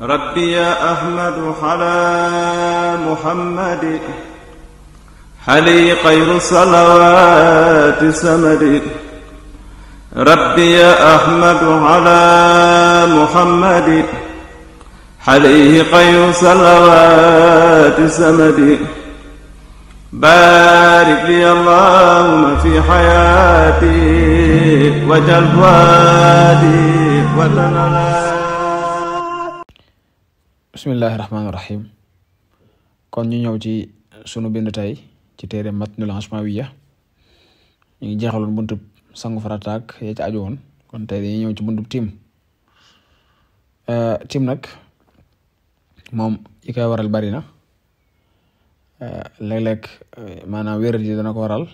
rabbi ya ahmadu xalaa muhammadi xali xayru salawaati samadi rabbi ya ahmadu xalaa muhammadi xali xayru salawaati samadi baarik li allahumma fi xayaati wajal waadi wa tanal bismillahi rahmaani rahim kon ñu ñëw ci sunu bind tey ci téere Matnul Hashimawiyya ñu ngi jeexaloon buntub sangu farataag ya ci aju woon kon tey dañuy ñëw ci buntub tiim euh, tiim nag moom yi koy waral bari na euh, léeg-léeg euh, maanaam wér ji ko waral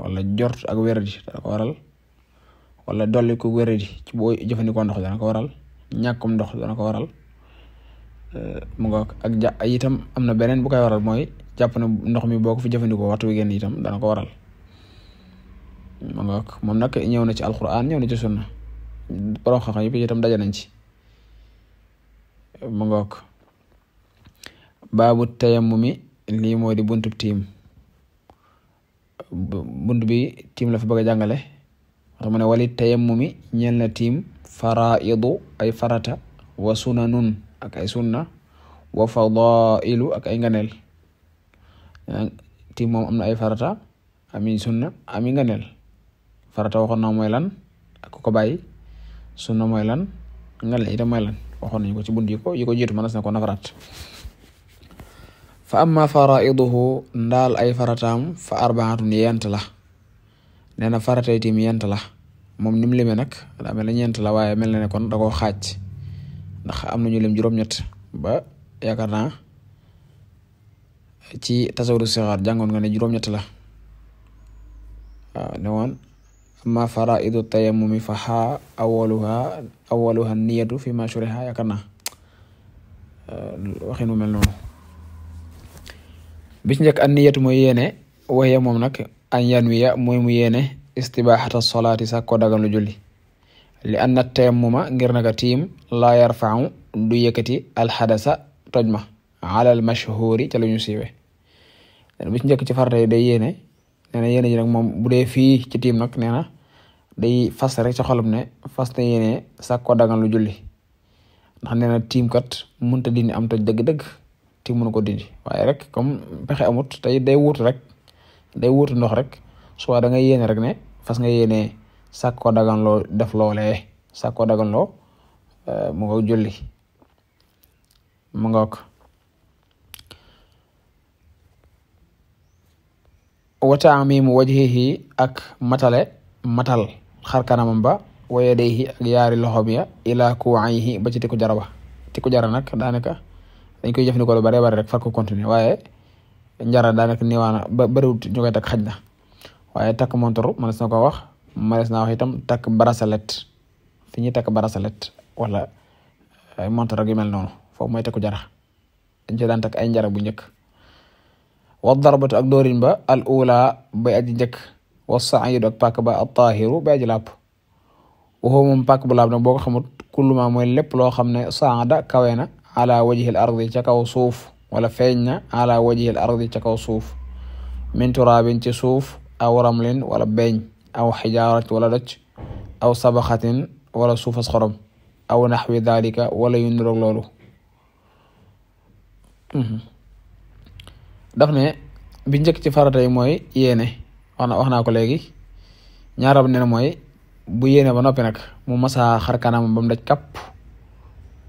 wala jort ak wér ji waral wala dolli ko wér ji ci boo jëfandikoo ndox dana ko waral ñàkkum ndox dana ko waral Euh, mu ak ja itam am na beneen bu koy waral mooy jàpp na ndox mi boo ko fi jëfandikoo waxtu wi génn itam dana ko waral mu ngoog moom nag ñëw na ci alquran ñëw na ci sunna borom xam-xam yëpp itam nañ ci mu ngoog baabu tayammumi lii moo di tiim bunt bi tiim la fi bëgg a jàngale wax mu ne wali tayammumi ñeel na tiim faraidu ay farata wa sunanun a ay sunna wa fadailu ak nganeel ti moom am na ay farata ami sunna ami nganeel farata waxoon na mooy lan ak ko sunna mooy nganeel itam mooy lan waxoon nañu ko ci bunt yi ko yi ko jiitu mënees na ko nafaraat fa amma faraiduhu ndaal ay farataam fa arbaatun yent la nee na farata itam yent la moom ni mu limee nag daa mel ne ñeent la waaye mel na kon da koo xaaj ndax am nañu lim juróom-ñett ba yaakaar naa ci tasawuru sixaar jàngoon nga ne juróom-ñett la waaw ne woon amma faraidu tayamumi fa xaa awaluha awaluha niyatu fi ma shuriha yaakaar naa waxin mu mel noonu bi ci njëkk an niyatu mooy yéene waxya moom nag an wi wiya mooy mu yéene istibaaxata solaati sax ko dagan lu julli li anna teemuma ngir naka tiim laa yarfau du yëkkati alxadasa toj ma alal mashhuri la ñu siiwee bu ci njëkk ci farata yi day yéene nee na yéene ji nag moom bu dee fii ci tiim nag nee na day fas rek ci xolam ne fas na yéene sàkk ko dagan lu julli ndax nee tiim kat mënut a dindi am toj dëgg-dëgg tiim mënu ko dindi waaye rek comme pexe amut tey day wuut rek day wuutu ndox rek soit da nga rek ne fas nga yéene. sàkk ko dagan loo def loolee sàkk ko dagan loo eh, mu nga julli mu nga ko wa taamimu wajhihi ak matale matal xar kanamam ba wa yadayhi ak yaari loxoom ya ila kuwayhi ba ci tiku jara ba tiku jara nag daanaka dañ koy jëfandikoo lu bare bare rek far ko continuer waaye njara daanaka niwaana ba bëriwut ñu koy takk na waaye takk montor mën wax mares naa wax takk bracelet fi ñuy takk bracelet wala ay montre ak yu mel noonu foofu mooy takku jara ay njara bu njëkk wa darbatu ak doorin ba al ula bay aji wa saidu ak pàkk ba at tahiru bay aji làpp waxoo moom pàkk bu laab nag boo xamut kulluma mooy lépp loo xam ne saada kawe na ala ardi ca kaw suuf wala feeñ na ala ardi ca kaw suuf min suuf aw wala beeñ aw xijaarat wala doj aw sabaxatin wala suufas xorom aw naxwi dalika wala yu niroog loolu mhm. daf ne bi njëkk ci farata mooy yéene wax na wax naa ko léegi ñaaram ne mooy bu yéene ba noppi nag mu masaa xar kanam ba mu daj kàpp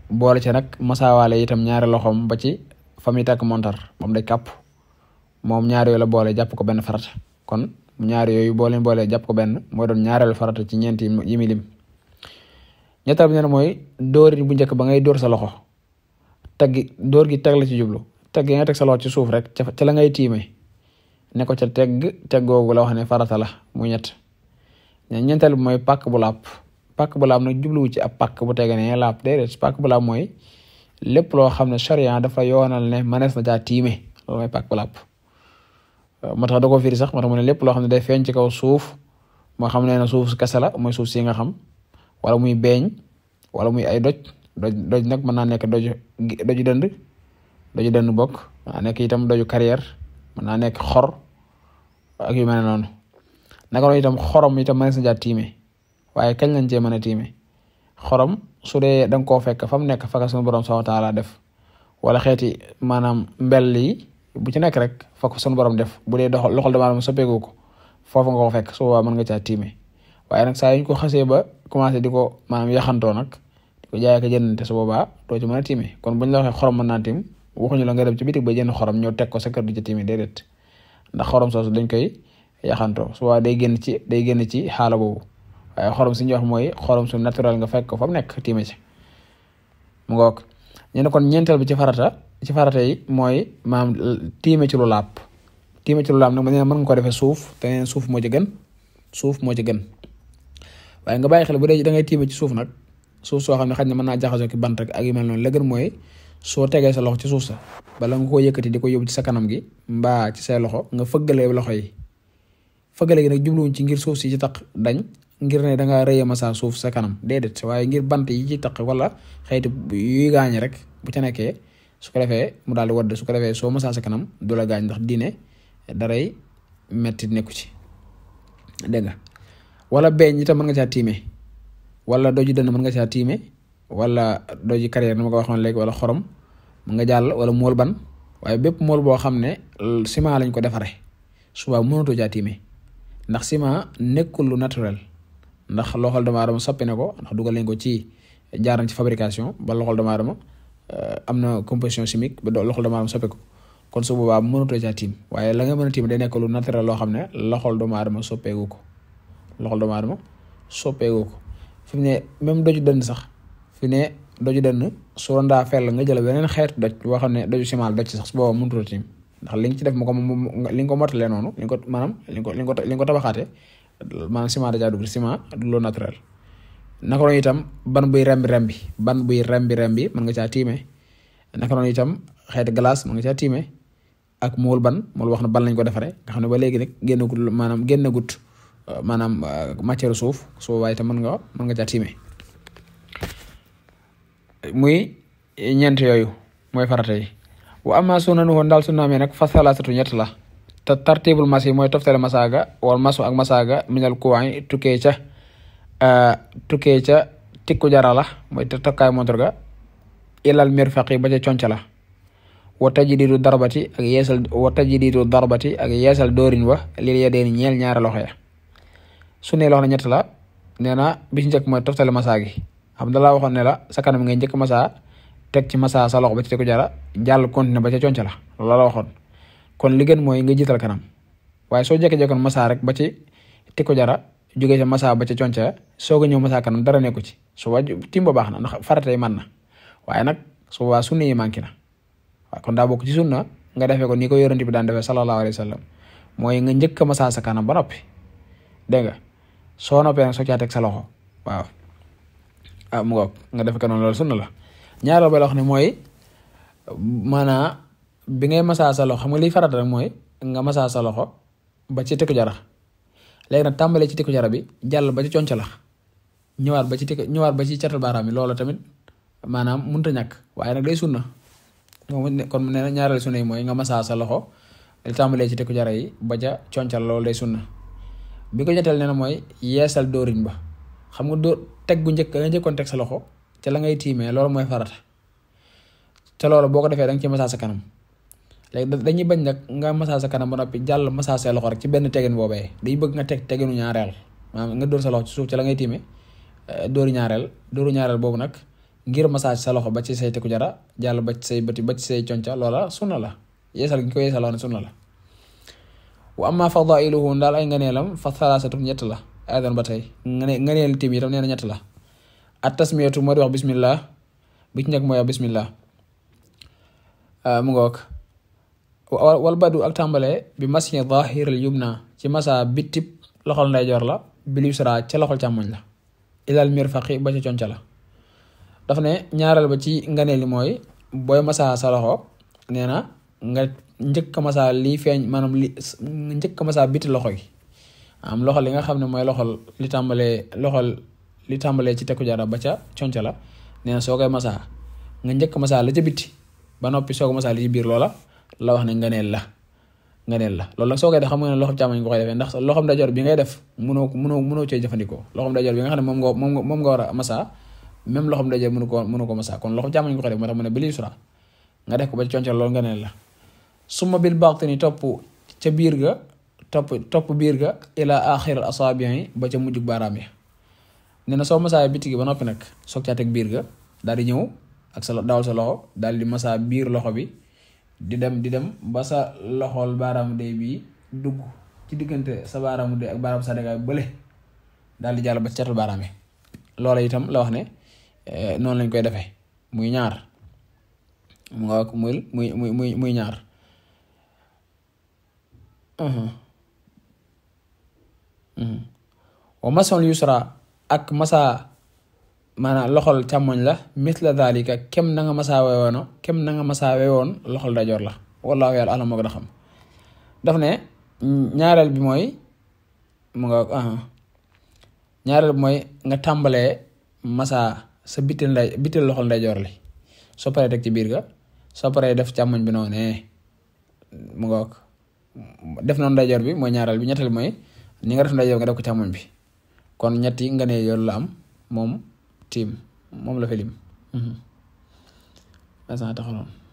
boole ci nag masaawaale itam ñaari loxoom ba ci fa muy takk montar ba mu daj kàpp moom ñaari yooyu la boole jàpp ko benn farata kon ñaar yooyu boo leen boolee jàpp ko benn mooy doon ñaareel farata ci ñeent yi mi lim bi ne mooy dóorin bu njëkk ba ngay dóor sa loxo taggi dóor gi teg la ci jublu teg gi teg sa ci suuf rek ca la ngay tiime ne ko ca tegg teg googu la wax ne farata la mu ñett ñeenteel bi mooy pàkk bu laab pàkk bu laab na jubluwu ci ab pàkk bu tege ne laab déedéet pàkk bu laab mooy lépp loo xam ne charia dafa yoonal ne mënees na caa tiime loolu mooy pàkk bu laab moo tax da koo firi sax moo tax mu ne loo xam ne day feeñ ci kaw suuf moo xam ne na suuf kese la mooy suuf si nga xam wala muy beeñ wala muy ay doj doj doj nag mën naa nekk doju doju dënd doju dënd bokk mën naa nekk itam doju carrière mën naa nekk xor ak yu mel noonu naka noonu itam xorom itam mënees na jaa tiime waaye kañ lañ cee mën a tiime xorom su dee da nga koo fekk fa mu nekk fa ka sunu borom subhaanahu wa taala def wala xeeti maanaam mbell bu ci nekk rek fa ko sunu def bu dee loxol dama doon soppeeku ko foofu nga ko fekk su boobaa mën nga caa tiime waaye saa yu ko xasee ba commencé di ko maanaam yaxantoo nag di ko jaay ak jëndante su a tiime kon buñ la waxee xorom mën la nga dem ci bitig ba jënd xorom ñëw teg ko sa kër di ci tiime déedéet ndax xorom soosu dañ koy yaxantoo su boobaa day génn ci day génn ci xaala boobu waaye xorom suñu wax mooy xorom su naturel nga fekk ko fa nekk tiime ci mu ngoog ñu kon ñeenteel bi ci farata ci farata yi mooy maam tiime ci lu laab tiime ci lu laab nag ma ne mën nga ko defee suuf te nee suuf moo ci gën suuf moo ci gën waaye nga bàyyi xel bu dee da ngay tiime ci suuf nag suuf soo xam ne na mën naa jaxasoo ki bant ak yu mel noonu la gën mooy soo tegee sa loxo ci suuf sa bala nga ko yëkkati di ko yóbbu ci sa kanam gi mbaa ci say loxo nga fëggalee loxo yi fëggale gi nag jubluwuñ ci ngir suuf si ci taq dañ ngir ne danga ngaa rëyee masa suuf sa kanam déedéet waaye ngir bant yi ci taq wala xëyti yuy gaañ rek bu ca nekkee su ko defee mu daal di wadd su ko defee soo masaa sa kanam du la gaañ ndax diine daray mettit nekku ci dégg nga wala beeñ itam mën nga caa tiime wala doji dënn mën nga caa tiime wala doji carrière ni ma ko waxoon léegi walla xorom mën nga jàll wala mool ban waaye bépp mool boo xam ne ciment lañ ko defaree suba mënatoo caa tiime ndax ciment nekkul lu naturel ndax loxol dama adama soppi na ko ndax dugga leen ko ci jaar ci fabrication ba loxol dama adama Euh, am na composition chimique ba loxol doomu aadama soppeeku kon su boobaa mënatoo caa tiim waaye la nga mën a tiim day nekk lu naturel loo xam ne loxol doomu aadama soppeeku ko loxol doomu aadama soppeeku ko fi mu ne même doju dënn sax fi ne doju dënn su doon daa fell nga jël beneen xeetu doj boo xam ne doju simaal doj sax su boobaa mënatoo tiim ndax li nga ci def ko li nga ko motalee noonu li nga ko maanaam li nga ko li nga ko tabaxaatee maanaam ciment da du loo naturel. naka noonu itam ban buy rembi rembi ban buy rembi rembi mën nga caa tiime naka noonu itam xeeti glace mën nga caa tiime ak mool ban mool wax na ban lañ ko defaree nga xam ba léegi nag génnagut maanaam génnagut euh, maanaam euh, matière suuf su boobaa mën nga mën nga caa tiime muy ñeent yooyu mooy farata yi wa amma sunanu woon daal sunnaamee nag fa salaasatu ñett la te tartibul mas mooy toftale masaaga wal masu ak masaaga minal kuwaay tukkee ca Euh, tukkee ca tikku jara la mooy takka takkaay montor ga ilal mirfaqi ba ca conca la wa tajdiidu darbati ak yeesal wa tajdiidu darbati ak yeesal dóorin wa lil yadayni ñeel ñaari loxo ya su ne loxo na ñett la nee na bi ci njëkk mooy toftale masaa gi xam da laa waxoon ne la sa kanam ngay njëkk masaa teg ci masaa sa loxo ba ci tikku jara jàll continué ba ca conca loolu la waxoon kon li gën mooy nga jiital kanam waaye soo jékki-jékkoon masaa rek ba ci tikku jara jógee ca massa ba ca conca soog a ñëw massa kanam dara nekku ci su boobaa timba baax na ndax faratay man na waaye nag su boobaa sunna yi manqué na waaw kon daa bokk ci sunna nga defee ko nii ko yorante bi daan defee sallallahu alayhi wa sallam nga njëkk a massa sa kanam dégg nga soo noppee nag soo caa teg sa loxo waaw ah mu ngoog nga def ko noonu lool sunna la ñaareel ba la ne mooy maanaam bi ngay masaa sa xam nga liy farata rek mooy nga masaa sa loxo ba ci tegu jarax léegi nag tàmbalee ci tikku jara bi jàll ba ci concalax ñëwaat ba ci tikku ñëwaat ba ci catal baaraam yi loola tamit maanaam mënut a ñàkk waaye nag day sunna moom kon ne na ñaareel sunna yi mooy nga masaa sa loxo li tàmbalee ci tikku jara yi ba ca concal loolu day sunna bi ko ñetteel nee na mooy yeesal dóoriñ ba xam nga dóor teg gu njëkk nga njëkkoon teg sa loxo ca la ngay tiimee loolu mooy farata te loolu boo ko defee da ci masaa sa kanam léegi dañuy bañ nag nga masaa sa kanam ba noppi jàll masaa sa loxo rek ci benn tegin boobee dañu bëgg nga teg teginu ñaareel maanaam nga dóor sa loxo ci suuf ci la ngay tiime eh, dóoru ñaareel dóoru ñaareel boobu nag ngir massage sa loxo ba ci say teku jara jàll ba ci say bëti ba ci say la yeesal gi ko yeesaloon sunna la wa amma fadailuhu daal ay nganeelam fa thalaasatu ñett la aydan ba tey ngane nganeel tiim ñett la at tasmiyatu moo di wax bismillah bi ci njëkk mooy wax bismillah eh, mu ngoog wal badu ak tàmbale bi masi zahiral yumna ci masa bitib loxol ndeyjoor la bil yusra ca loxol càmmoñ la ilal mirfaqi ba ca conca la daf ne ñaareel ba ci nganee li mooy booy masa sa loxo nee na nga njëkk masa lii feeñ maanaam li njëkk masa biti loxo yi am loxo li nga xam ne mooy loxol li tàmbalee loxol li tàmbalee ci tekku jara ba ca conca la nee soo koy masa nga njëkk masa la ca biti ba noppi soo ko masa li biir loola la wax ne ngëneel la ngëneel la loolu nag soo koy def xam nga ne loxo càmmoñ nga koy defee ndax loxoom dajoor bi ngay def mënoo mënoo mënoo cee jëfandikoo loxoom dajoor bi nga xam ne moom nga moom nga war a massa même loxoom dajoor mënu ko mënu ko massa kon loxo càmmoñ nga koy def moo tax def ko ba ci concal loolu ngëneel la summa bil baatini topp ca biir ga topp topp biir ga ila axir al asaabi'i ba ca mujjug baaraam yi nee na soo masaa biti ba noppi nag soog biir ga daal di ñëw ak sa dawal sa loxo daal di masaa biir loxo bi di dem di dem ba sa loxol baaraamu day bi dugg ci diggante sa baaraamu day ak baaraamu sa dagaay bële daal di jàll ba catul baaraam yi loola itam la wax ne eh, noonu lañ koy defe muy ñaar mu muy muy muy muy ñaar mhm. Mhm. wa mason yusra ak masa maanaam loxol càmmoñ la la dalika kem na nga masaawe woon kem na nga masaawe woon loxol dajoor la wallaahu yàlla alam moo gën xam daf ne ñaareel bi mooy mu nga ah, ñaareel bi mooy nga tàmbalee masaa sa bitil nday bitil loxol ndeyjoor li soo paree teg ci biir ga soo paree def càmmoñ bi noonu eh, mu nga def noonu ndeyjoor bi mooy ñaareel bi ñetteel bi mooy ni nga def ndeyjoor nga def ko càmmoñ bi kon ñetti nga ne yoon la am moom tiim moom la fa lim. Mm-hmm. Vincent taxawoon.